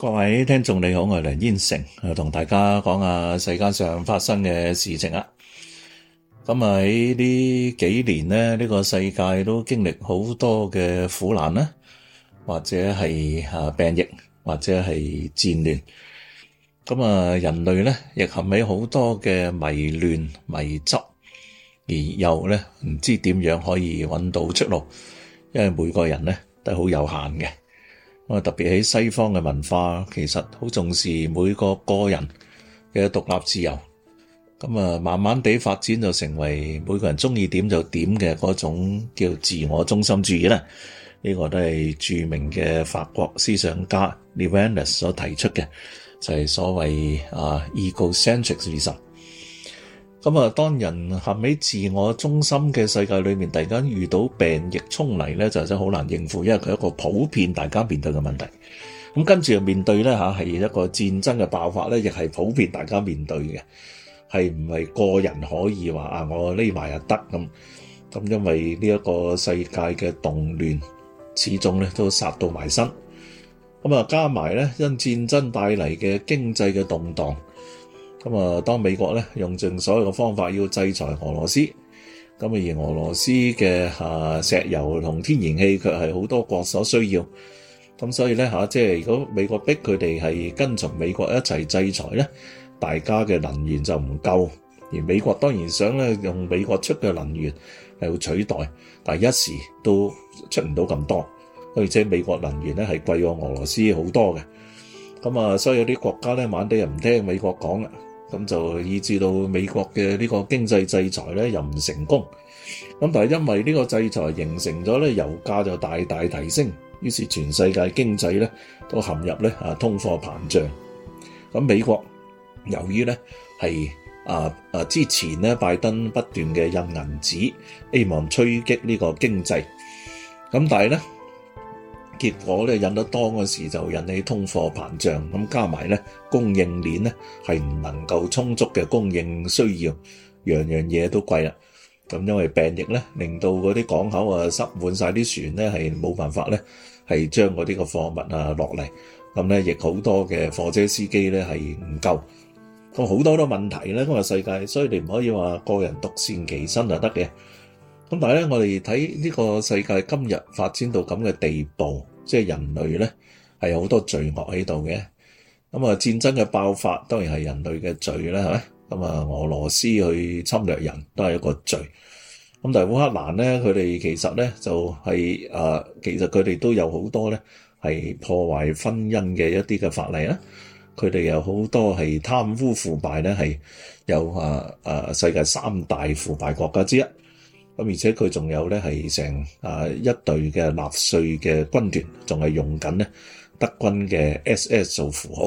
各位聽眾你好，我係梁燕城，同大家講下世界上發生嘅事情啊。咁喺呢幾年呢，呢、這個世界都經歷好多嘅苦難啦，或者係病疫，或者係戰亂。咁人類呢，亦含喺好多嘅迷亂、迷失，而又呢，唔知點樣可以揾到出路，因為每個人呢，都好有限嘅。特別喺西方嘅文化，其實好重視每個個人嘅獨立自由。咁慢慢地發展就成為每個人中意點就點嘅嗰種叫自我中心主義啦。呢、這個都係著名嘅法國思想家 Levinas 所提出嘅，就係、是、所謂 Egocentricism。啊 Ego 咁啊，當人陷喺自我中心嘅世界裏面，突然間遇到病疫衝嚟咧，就真係好難應付，因為佢一個普遍大家面對嘅問題。咁跟住又面對咧，吓係一個戰爭嘅爆發咧，亦係普遍大家面對嘅，係唔係個人可以話啊？我匿埋又得咁咁，因為呢一個世界嘅動亂，始終咧都殺到埋身。咁啊，加埋咧因戰爭帶嚟嘅經濟嘅動蕩。咁啊，當美國咧用盡所有嘅方法要制裁俄羅斯，咁啊而俄羅斯嘅嚇石油同天然氣卻係好多國所需要，咁所以咧嚇即係如果美國逼佢哋係跟從美國一齊制裁咧，大家嘅能源就唔夠，而美國當然想咧用美國出嘅能源係取代，但係一時都出唔到咁多，而且美國能源咧係貴過俄羅斯好多嘅，咁啊所以有啲國家咧晚哋又唔聽美國講啦。咁就以至到美國嘅呢個經濟制裁咧，又唔成功。咁但係因為呢個制裁形成咗咧，油價就大大提升，於是全世界經濟咧都陷入咧啊通貨膨脹。咁美國由於咧係啊啊之前咧拜登不斷嘅印銀紙，希望刺激呢個經濟。咁但係咧。結果咧引得多嗰時就引起通貨膨脹，咁加埋咧供應鏈咧係唔能夠充足嘅供應需要，樣樣嘢都貴啦。咁因為病疫咧，令到嗰啲港口啊塞滿曬啲船咧係冇辦法咧係將嗰啲個貨物啊落嚟，咁咧亦好多嘅貨車司機咧係唔夠，咁好多好多問題咧個世界，所以你唔可以話個人獨善其身就得嘅。咁但係咧，我哋睇呢個世界今日發展到咁嘅地步，即係人類咧係有好多罪惡喺度嘅。咁啊，戰爭嘅爆發當然係人類嘅罪啦，係咪？咁啊，俄羅斯去侵略人都係一個罪。咁但係烏克蘭咧，佢哋其實咧就係誒，其實佢哋都有好多咧係破壞婚姻嘅一啲嘅法例啦。佢哋有好多係貪污腐敗咧，係有誒誒世界三大腐敗國家之一。咁而且佢仲有咧係成啊一隊嘅納粹嘅軍團，仲係用緊咧德軍嘅 SS 做符號。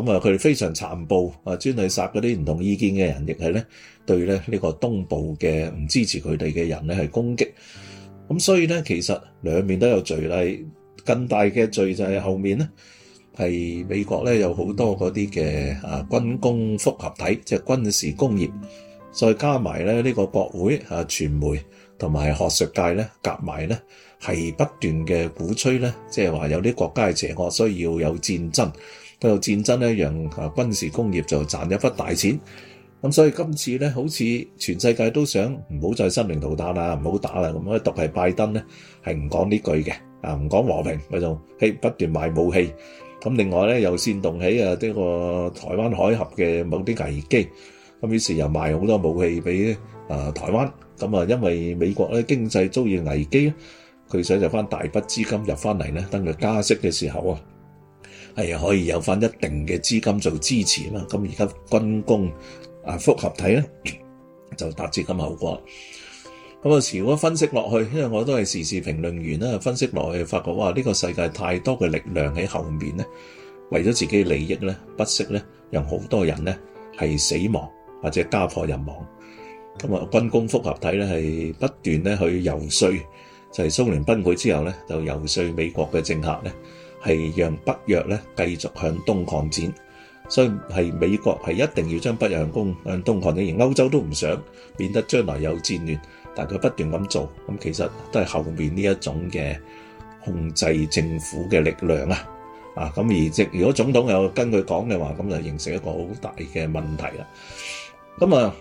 咁啊，佢哋非常殘暴啊，專係殺嗰啲唔同意見嘅人，亦係咧對咧呢個東部嘅唔支持佢哋嘅人咧係攻擊。咁所以咧，其實兩面都有罪例。更大嘅罪就係後面咧，係美國咧有好多嗰啲嘅啊軍工複合體，即係軍事工業。再加埋咧呢個國會啊、傳媒同埋學術界咧，夾埋咧係不斷嘅鼓吹咧，即係話有啲國家係邪惡，需要有戰爭，佢有戰爭咧，讓啊軍事工業就賺一筆大錢。咁所以今次咧，好似全世界都想唔好再生靈塗炭啦，唔好打啦。咁啊，獨係拜登咧係唔講呢句嘅啊，唔講和平，佢就係不斷賣武器。咁另外咧又煽動起啊呢個台灣海峽嘅某啲危機。咁於是又賣好多武器俾啊台灣，咁啊因為美國咧經濟遭遇危機咧，佢想就翻大筆資金入返嚟咧，等佢加息嘅時候啊，係可以有返一定嘅資金做支持啊嘛。咁而家軍工啊複合體咧就達至咁嘅後果。咁有時如果分析落去，因為我都係時事評論員啦，分析落去發覺哇，呢個世界太多嘅力量喺後面咧，為咗自己利益咧不惜咧，讓好多人咧係死亡。或者家破人亡，咁啊，軍工複合體咧係不斷咧去遊說，就係蘇聯崩潰之後咧，就遊說美國嘅政客咧，係讓北約咧繼續向東擴展，所以係美國係一定要將北約向東擴展，而歐洲都唔想變得將來有戰亂，但佢不斷咁做，咁其實都係後面呢一種嘅控制政府嘅力量啊，啊咁而即如果總統有跟佢講嘅話，咁就形成一個好大嘅問題啦。咁啊，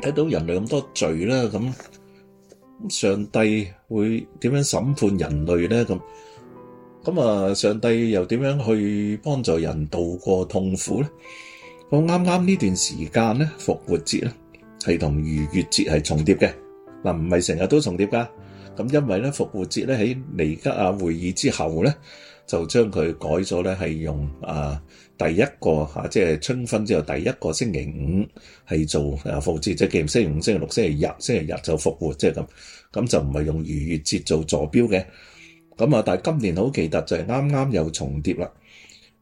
睇到人類咁多罪啦，咁咁上帝會點樣審判人類咧？咁咁啊，上帝又點樣去幫助人度過痛苦咧？咁啱啱呢段時間咧，復活節咧係同逾越節係重疊嘅。嗱，唔係成日都重疊噶。咁因為咧復活節咧喺尼吉亞會議之後咧。就將佢改咗咧，係用啊第一個、啊、即係春分之後第一個星期五係做啊復節，即、就、係、是、星期五星期、星期六、星期日、星期日就復活，即係咁。咁就唔係用逾越節做座標嘅。咁啊，但係今年好奇特就係啱啱又重疊啦。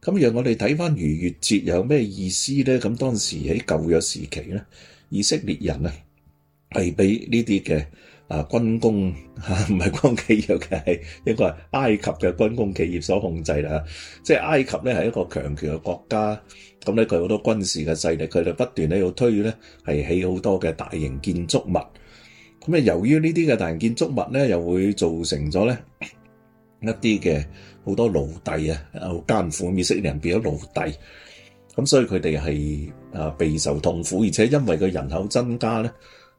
咁讓我哋睇翻逾越節有咩意思咧？咁當時喺舊約時期咧，以色列人啊係俾呢啲嘅。啊！軍工嚇，唔係軍企業嘅，係一該係埃及嘅軍工企業所控制啦、啊。即係埃及咧係一個強權嘅國家，咁咧佢好多軍事嘅勢力，佢哋不斷喺度推咧係起好多嘅大型建築物。咁啊，由於呢啲嘅大型建築物咧，又會造成咗咧一啲嘅好多奴隸啊，又艱苦面食人變咗奴隸。咁、啊、所以佢哋係啊備受痛苦，而且因為個人口增加咧，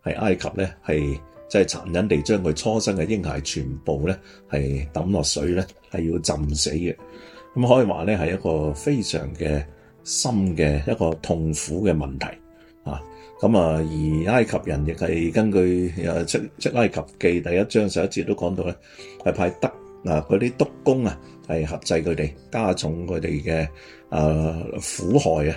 係、啊、埃及咧係。是即係殘忍地將佢初生嘅嬰孩全部咧係抌落水咧係要浸死嘅，咁可以話咧係一個非常嘅深嘅一個痛苦嘅問題啊。咁啊，而埃及人亦係根據《出、啊、出埃及記》第一章十一節都講到咧，係派德嗱嗰啲督工啊係合制佢哋加重佢哋嘅啊苦害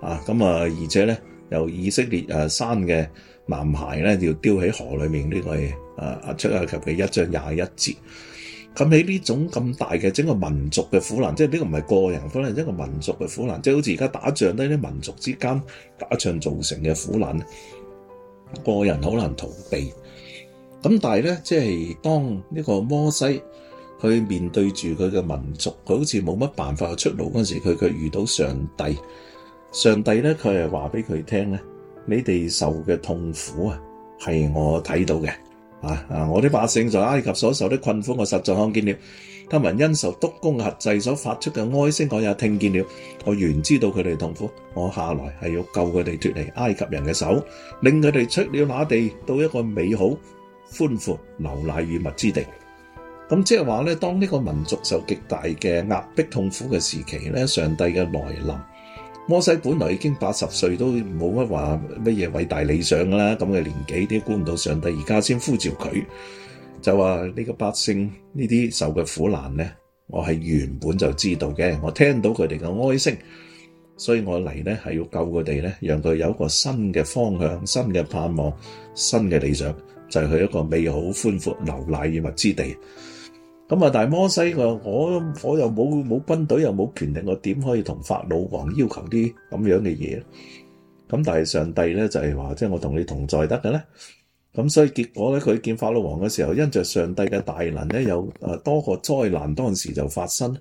啊。咁啊，而且咧由以色列、啊、山嘅。男孩咧要丟喺河裏面呢，這個嘢，啊，出埃及記一章廿一節。咁喺呢種咁大嘅整個民族嘅苦難，即係呢個唔係個人苦難，一個民族嘅苦難，即係好似而家打仗咧，啲民族之間打仗造成嘅苦難，個人好難逃避。咁但係咧，即係當呢個摩西佢面對住佢嘅民族，佢好似冇乜辦法去出路嗰時，佢佢遇到上帝，上帝咧佢係話俾佢聽咧，你哋受嘅痛苦啊，係我睇到嘅啊！啊，我啲百姓在埃及所受啲困苦，我實在看見了。他們因受督工轄制所發出嘅哀聲，我也聽見了。我原知道佢哋痛苦，我下來係要救佢哋脫離埃及人嘅手，令佢哋出了那地，到一個美好、寬闊、流奶與蜜之地。咁即係話咧，當呢個民族受極大嘅壓迫、痛苦嘅時期咧，上帝嘅來臨。摩西本來已經八十歲，都冇乜話乜嘢偉大理想啦。咁嘅年紀，都估唔到上帝而家先呼召佢，就話呢、這個百姓呢啲受嘅苦難呢，我係原本就知道嘅。我聽到佢哋嘅哀聲，所以我嚟呢係要救佢哋呢，讓佢有一個新嘅方向、新嘅盼望、新嘅理想，就是、去一個美好寬闊流奶與蜜之地。咁啊，但係摩西話：我我又冇冇軍隊，又冇權力，我點可以同法老王要求啲咁樣嘅嘢？咁但係上帝咧就係、是、話：即係我同你同在得嘅咧。咁所以結果咧，佢見法老王嘅時候，因着上帝嘅大能咧，有誒多個災難，當時就發生。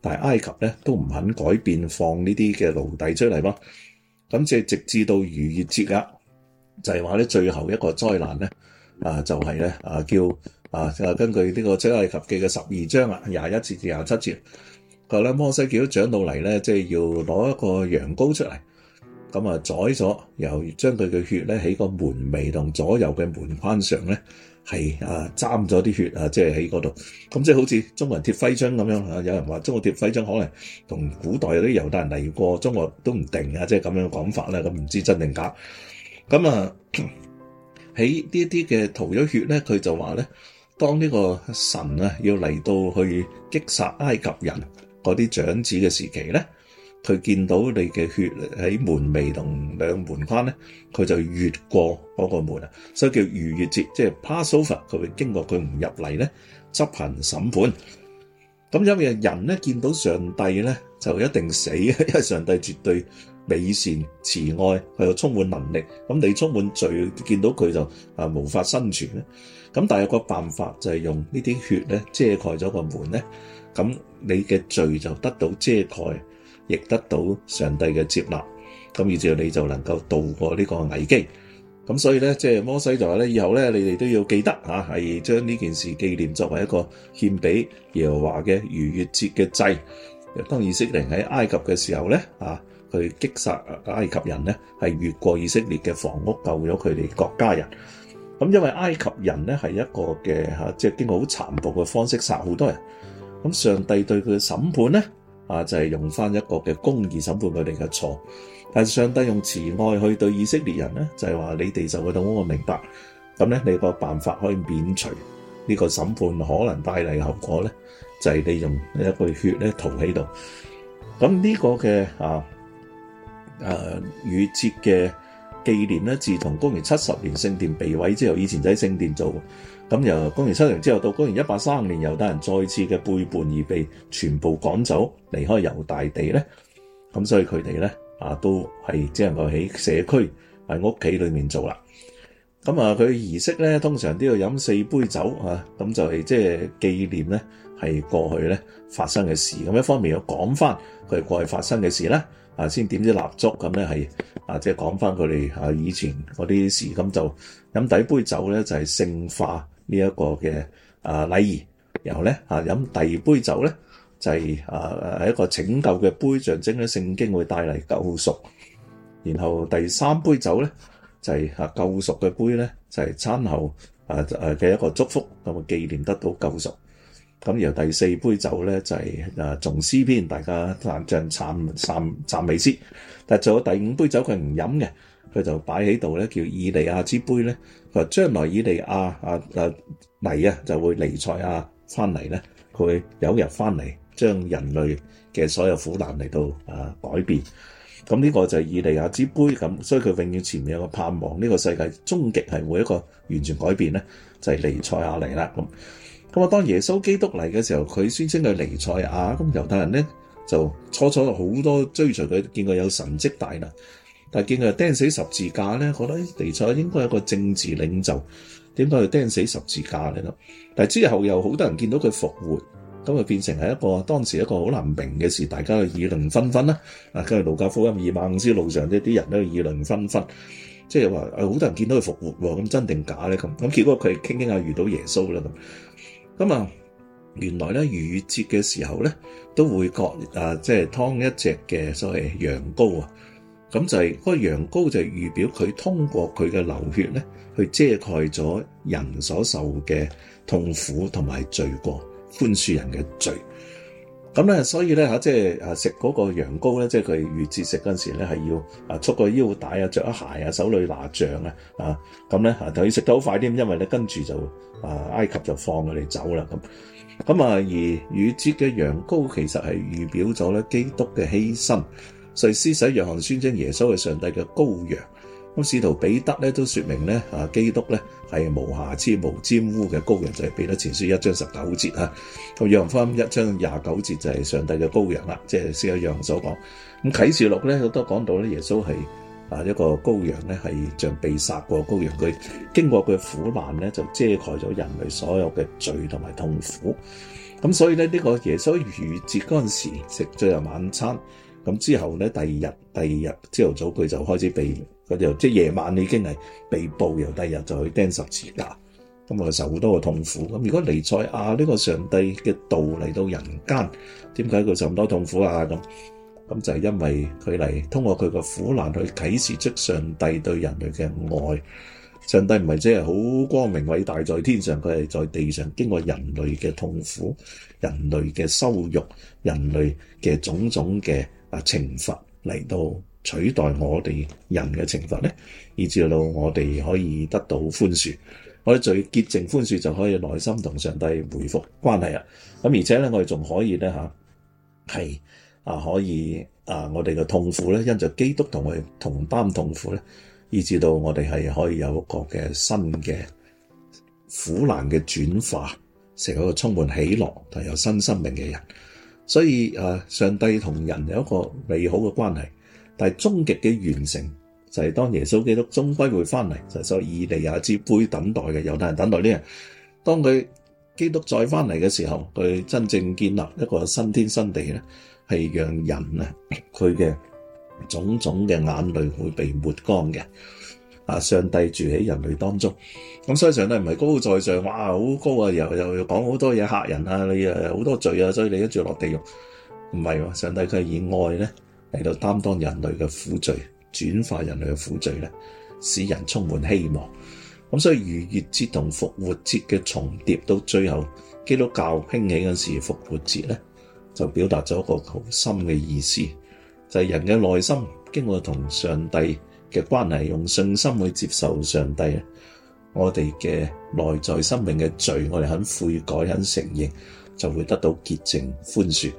但係埃及咧都唔肯改變，放呢啲嘅奴隸出嚟噃。咁即係直至到逾越節啦，就係話咧最後一個災難咧，啊就係、是、咧啊叫。啊！就根據呢個《出埃及記》嘅十二章啊，廿一節至廿七節，佢話咧摩西叫都長到嚟咧，即係要攞一個羊羔出嚟，咁啊宰咗，又將佢嘅血咧喺個門楣同左右嘅門框上咧係啊沾咗啲血啊，即係喺嗰度，咁即係好似中國人貼徽章咁樣，有人話中國貼徽章可能同古代嗰啲猶太人嚟過，中國都唔定啊，即係咁樣講法啦，咁唔知真定假？咁啊喺呢一啲嘅塗咗血咧，佢就話咧。當呢個神啊要嚟到去擊殺埃及人嗰啲長子嘅時期咧，佢見到你嘅血喺門楣同兩門框咧，佢就越過嗰個門啊，所以叫逾越節，即係 Passover，佢會經過佢唔入嚟咧執行審判。咁因為人咧見到上帝咧就一定死，因為上帝絕對美善慈愛，佢又充滿能力，咁你充滿罪，見到佢就啊無法生存咧。咁但係有個辦法就係用呢啲血咧遮蓋咗個門咧，咁你嘅罪就得到遮蓋，亦得到上帝嘅接納，咁而就你就能夠渡過呢個危機。咁所以咧，即係摩西就話咧，以後咧你哋都要記得啊，係將呢件事紀念作為一個獻俾耶和華嘅逾越節嘅祭。當以色列喺埃及嘅時候咧，啊，佢擊殺埃及人咧，係越過以色列嘅房屋救咗佢哋國家人。咁因為埃及人呢係一個嘅即係經過好殘暴嘅方式殺好多人。咁上帝對佢嘅審判呢，就係、是、用返一個嘅公義審判佢哋嘅錯。但係上帝用慈愛去對以色列人呢，就係、是、話你哋就會等我明白。咁呢，你個辦法可以免除呢個審判可能帶嚟嘅後果呢，就係、是、你用一個血塗在那裏那這個血呢塗喺度。咁呢個嘅啊誒語節嘅。呃紀念咧，自從公元七十年聖殿被毀之後，以前就喺聖殿做，咁由公元七零之後到公元一八三年，猶太人再次嘅背叛而被全部趕走，離開猶大地咧，咁所以佢哋咧啊，都係只能夠喺社區喺屋企裏面做啦。咁啊，佢儀式咧，通常都要飲四杯酒啊，咁就係即係紀念咧，係過去咧發生嘅事。咁一方面要講翻佢過去發生嘅事呢。啊，先點支蠟燭咁咧，係啊，即係講翻佢哋啊以前嗰啲事，咁就飲第一杯酒咧，就係、是、聖化呢一個嘅啊禮儀。然後咧啊飲第二杯酒咧就係、是、啊一個拯救嘅杯象徵咧，聖經會帶嚟救贖。然後第三杯酒咧就係、是、啊救贖嘅杯咧就係、是、餐後啊嘅一個祝福咁，啊紀念得到救贖。咁然後第四杯酒咧就係、是、誒、啊、仲思篇，大家暫將暫暫暫未思。但係仲有第五杯酒，佢唔飲嘅，佢就擺喺度咧，叫以利亞之杯咧。佢話將來以利亞啊啊嚟啊就會彌賽亞翻嚟咧，佢有日翻嚟將人類嘅所有苦難嚟到啊改變。咁、嗯、呢、這個就係以利亞之杯咁，所以佢永遠前面有個盼望，呢、這個世界終極係會一個完全改變咧，就係彌賽亞嚟啦咁。嗯咁啊，當耶穌基督嚟嘅時候，佢宣稱佢係彌賽亞，咁猶太人咧就初初好多追隨佢，見佢有神跡大能，但係見佢釘死十字架咧，覺得彌賽、哎、應該係一個政治領袖，點解佢釘死十字架咧？但係之後又好多人見到佢復活，咁啊變成係一個當時一個好難明嘅事，大家去議論紛紛啦。嗱，跟住路加福音以馬忤斯路上，呢啲人咧議論紛紛，即係話誒，好多人見到佢復活喎，咁真定假咧？咁咁結果佢傾傾下遇到耶穌啦咁。咁啊，原來呢逾越節嘅時候呢，都會割啊，即、就、係、是、劏一隻嘅所謂羊羔啊，咁就係、是、嗰、那個羊羔就是預表佢通過佢嘅流血呢，去遮蓋咗人所受嘅痛苦同埋罪過，寬恕人嘅罪。咁呢，所以咧即係食嗰個羊羔咧，即係佢逾節食嗰陣時咧，係要啊束個腰帶穿個啊，着啊鞋啊，手裏拿杖啊，啊咁咧佢要食得好快啲，因為咧跟住就啊埃及就放佢哋走啦咁。咁啊，而逾節嘅羊羔其實係預表咗咧基督嘅犧牲，是施洗約翰宣稱耶穌係上帝嘅羔羊。咁，使徒彼得咧都說明咧啊，基督咧係無瑕疵、無沾污嘅羔羊，就係、是、彼得前書一章十九節咁同讓翻一章廿九節就係上帝嘅羔羊。啦，即係四個楊所講。咁啟示錄咧好多講到咧，耶穌係啊一個羔羊，羊，咧，係像被殺過羔羊。佢經過佢苦難咧，就遮蓋咗人類所有嘅罪同埋痛苦。咁所以咧呢個耶穌遇節嗰陣時食咗最後晚餐，咁之後咧第二日第二日朝頭早佢就開始被。佢就即係夜晚已經係被捕，由第二日就去釘十字架，咁啊受好多痛苦。咁如果尼賽亞呢個上帝嘅道嚟到人間，點解佢受咁多痛苦啊？咁咁就係因為佢嚟通過佢個苦難去啟示出上帝對人類嘅愛。上帝唔係淨係好光明偉大在天上，佢係在地上經過人類嘅痛苦、人類嘅羞辱、人類嘅種種嘅啊懲罰嚟到。取代我哋人嘅懲罰咧，以至到我哋可以得到寬恕。我哋最潔淨寬恕就可以內心同上帝回復關係啊。咁而且咧，我哋仲可以咧吓，係啊，可以啊，我哋嘅痛苦咧，因着基督同我哋同擔痛苦咧，以至到我哋係可以有一個嘅新嘅苦難嘅轉化，成為一個充滿喜樂同有新生命嘅人。所以啊，上帝同人有一個美好嘅關係。但係終極嘅完成就係、是、當耶穌基督終歸會翻嚟，就係、是、所以利亞之杯等待嘅，猶太人等待呢樣，當佢基督再翻嚟嘅時候，佢真正建立一個新天新地咧，係讓人啊佢嘅種種嘅眼淚會被抹乾嘅。啊，上帝住喺人類當中，咁所以上帝唔係高高在上，哇好高啊，又又講好多嘢嚇人啊，你誒好多罪啊，所以你一住落地獄，唔係、啊、上帝佢係以愛咧。嚟到擔當人類嘅苦罪，轉化人類嘅苦罪，使人充滿希望。咁所以逾越節同復活節嘅重疊到最後，基督教興起嗰時候，復活節呢就表達咗一個好深嘅意思，就係人嘅內心經過同上帝嘅關係，用信心去接受上帝，我哋嘅內在生命嘅罪，我哋肯悔改肯承認，就會得到潔淨寬恕，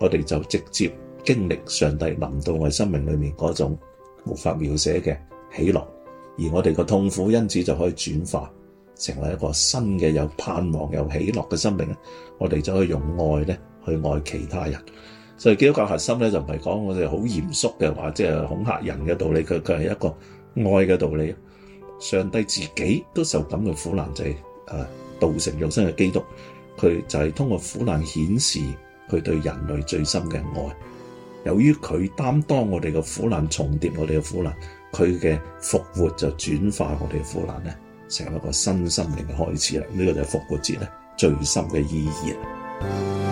我哋就直接。經歷上帝臨到我生命裏面嗰種無法描寫嘅喜樂，而我哋個痛苦，因此就可以轉化成為一個新嘅有盼望有喜樂嘅生命。我哋就可以用愛去愛其他人。所以基督教核心呢，就唔係講我哋好嚴肅嘅話，即係恐嚇人嘅道理，佢，佢係一個愛嘅道理。上帝自己都受咁嘅苦難，就係、是、誒、啊、道成肉身嘅基督，佢就係通過苦難顯示佢對人類最深嘅愛。由於佢擔當我哋嘅苦難重疊，我哋嘅苦難，佢嘅復活就轉化我哋嘅苦難咧，成一個新生命嘅開始啦。呢個就係復活節咧最深嘅意義。